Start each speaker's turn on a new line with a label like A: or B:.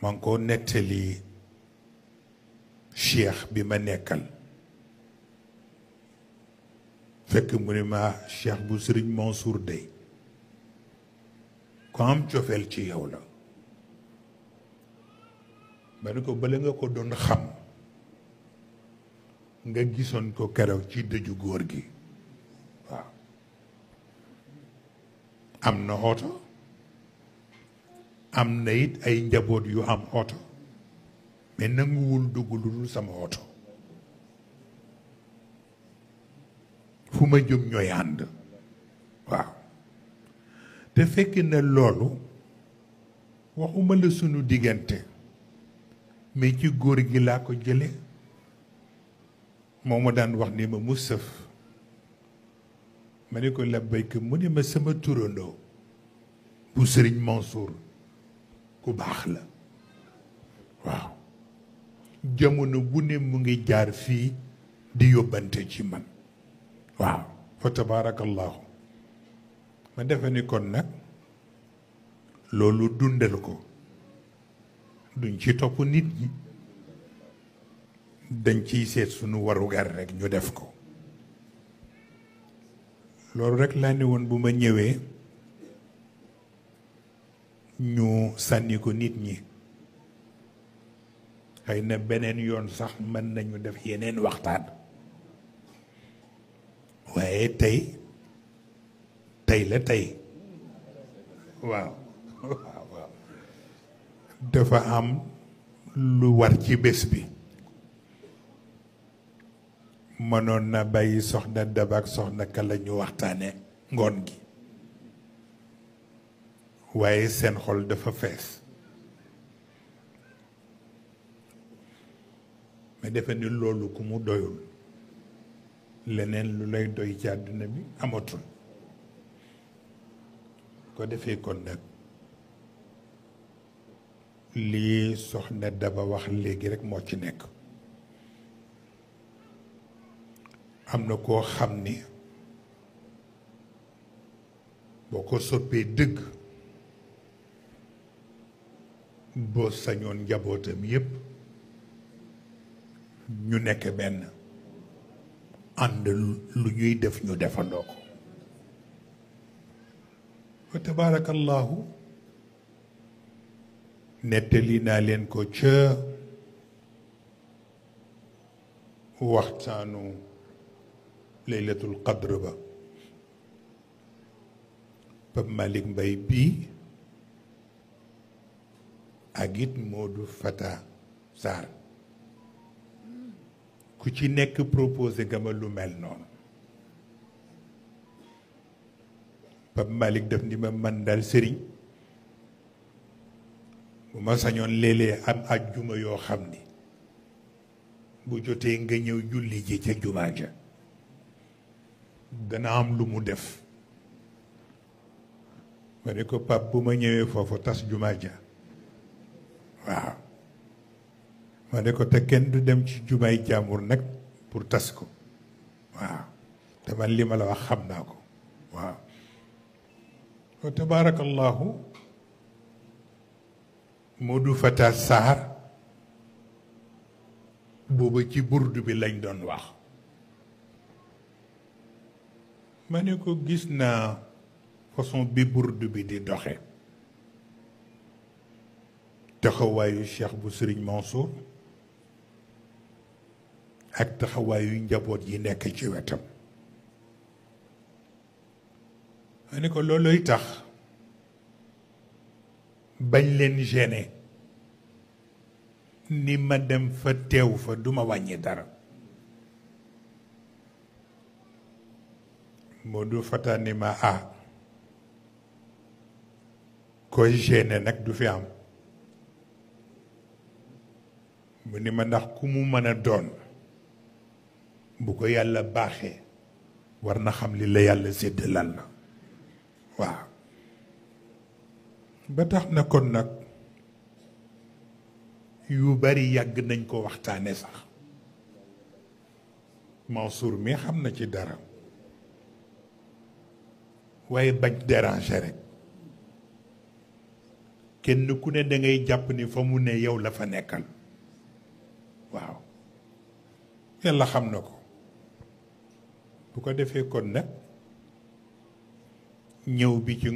A: ma ngi ko nettali cheikh bi ma nekkal fekk mu ne ma cheikh bu sëriñ Mansour dey ko am cofeel ci yow la ma ne ko bala nga ko doon xam nga gisoon ko keroog ci dëju góor gi waaw am na oto am na it ay njaboot yu am oto mais nanguwul dugg lu sama oto fu ma jëm ñooy ànd waaw te fekk na loolu waxuma la sunu diggante mais ci góor gi laa ko jële moo ma daan wax ni ma mu sëf ma ne ko labbayka mu ne ma sama turandoo bu sëriñ Mansour ku baax la waaw jamono bu ne mu ngi jaar fii di yóbbante ci man waaw fa tabaarakallaahu ma defe ni kon nag loolu dundal ko duñ ci topp nit ñi dañ ciy seet sunu warugar rek ñu def ko loolu rek laa ne woon bu ma ñëwee ñu sànni ko nit ñi xëy na beneen yoon sax mën nañu def yeneen waxtaan waaye tey tey la tey waaw dafa am lu war ci bés bi mënoon na bàyyi soxna Daba ak soxna Kala ñu waxtaane ngoon gi waaye seen xol dafa fees ma defe ni loolu ku mu doyul leneen lu lay doy ci àdduna bi amatul ko defee kon nag lii soxna dafa wax léegi rekk moo ci nekk am na koo xam ni boo ko soppee dëgg boo sañoon njabootam yépp ñu nekk benn ànd lu ñuy def ñu defandoo ko wa tabaarakallaahu nettali naa leen ko ca waxtaanu laylatul qadr ba Pape Malick Mbaye bii ak it Modou Fata Sarr ku ci nekk proposé gama lu mel noonu Pape Malick def ni ma man daal sëriñ bu ma sañoon léeg-léeg am ajjuma yoo xam ni bu jotee nga ñëw julli ji ca jumaa ja dana am lu mu def ma ne ko pap bu ma ñëwee foofu tas jumaa ja waaw ma ne ko te kenn du dem ci jumaay jàmbur nag pour tas ko waaw te man li ma la wax xam naa ko waaw wa tabarakallahu Modou Fata Sarr booba ci burdu bi lañ doon wax ma ne ko gis naa façon bi burdu bi di doxe taxawaayu cheikh bu sëriñ Mansour ak taxawaayu njaboot yi nekk ci wetam ma ne ko looluy tax bañ leen gêné ni ma dem fa teew fa duma wàññi dara moo du fataani ma ah koy gêné nag du fi am mu ni ma ndax ku mu mën a doon bu ko yàlla baaxee war na xam li la yàlla sédd lan la waaw ba tax na kon nag yu bari yàgg nañ ko waxtaane sax Mansour mi xam na ci dara waaye bañ déranger rek kenn ku ne da ngay jàpp ni fa mu ne yow la fa nekkal waaw yàlla xam na ko bu ko defee kon nag ñëw bi ci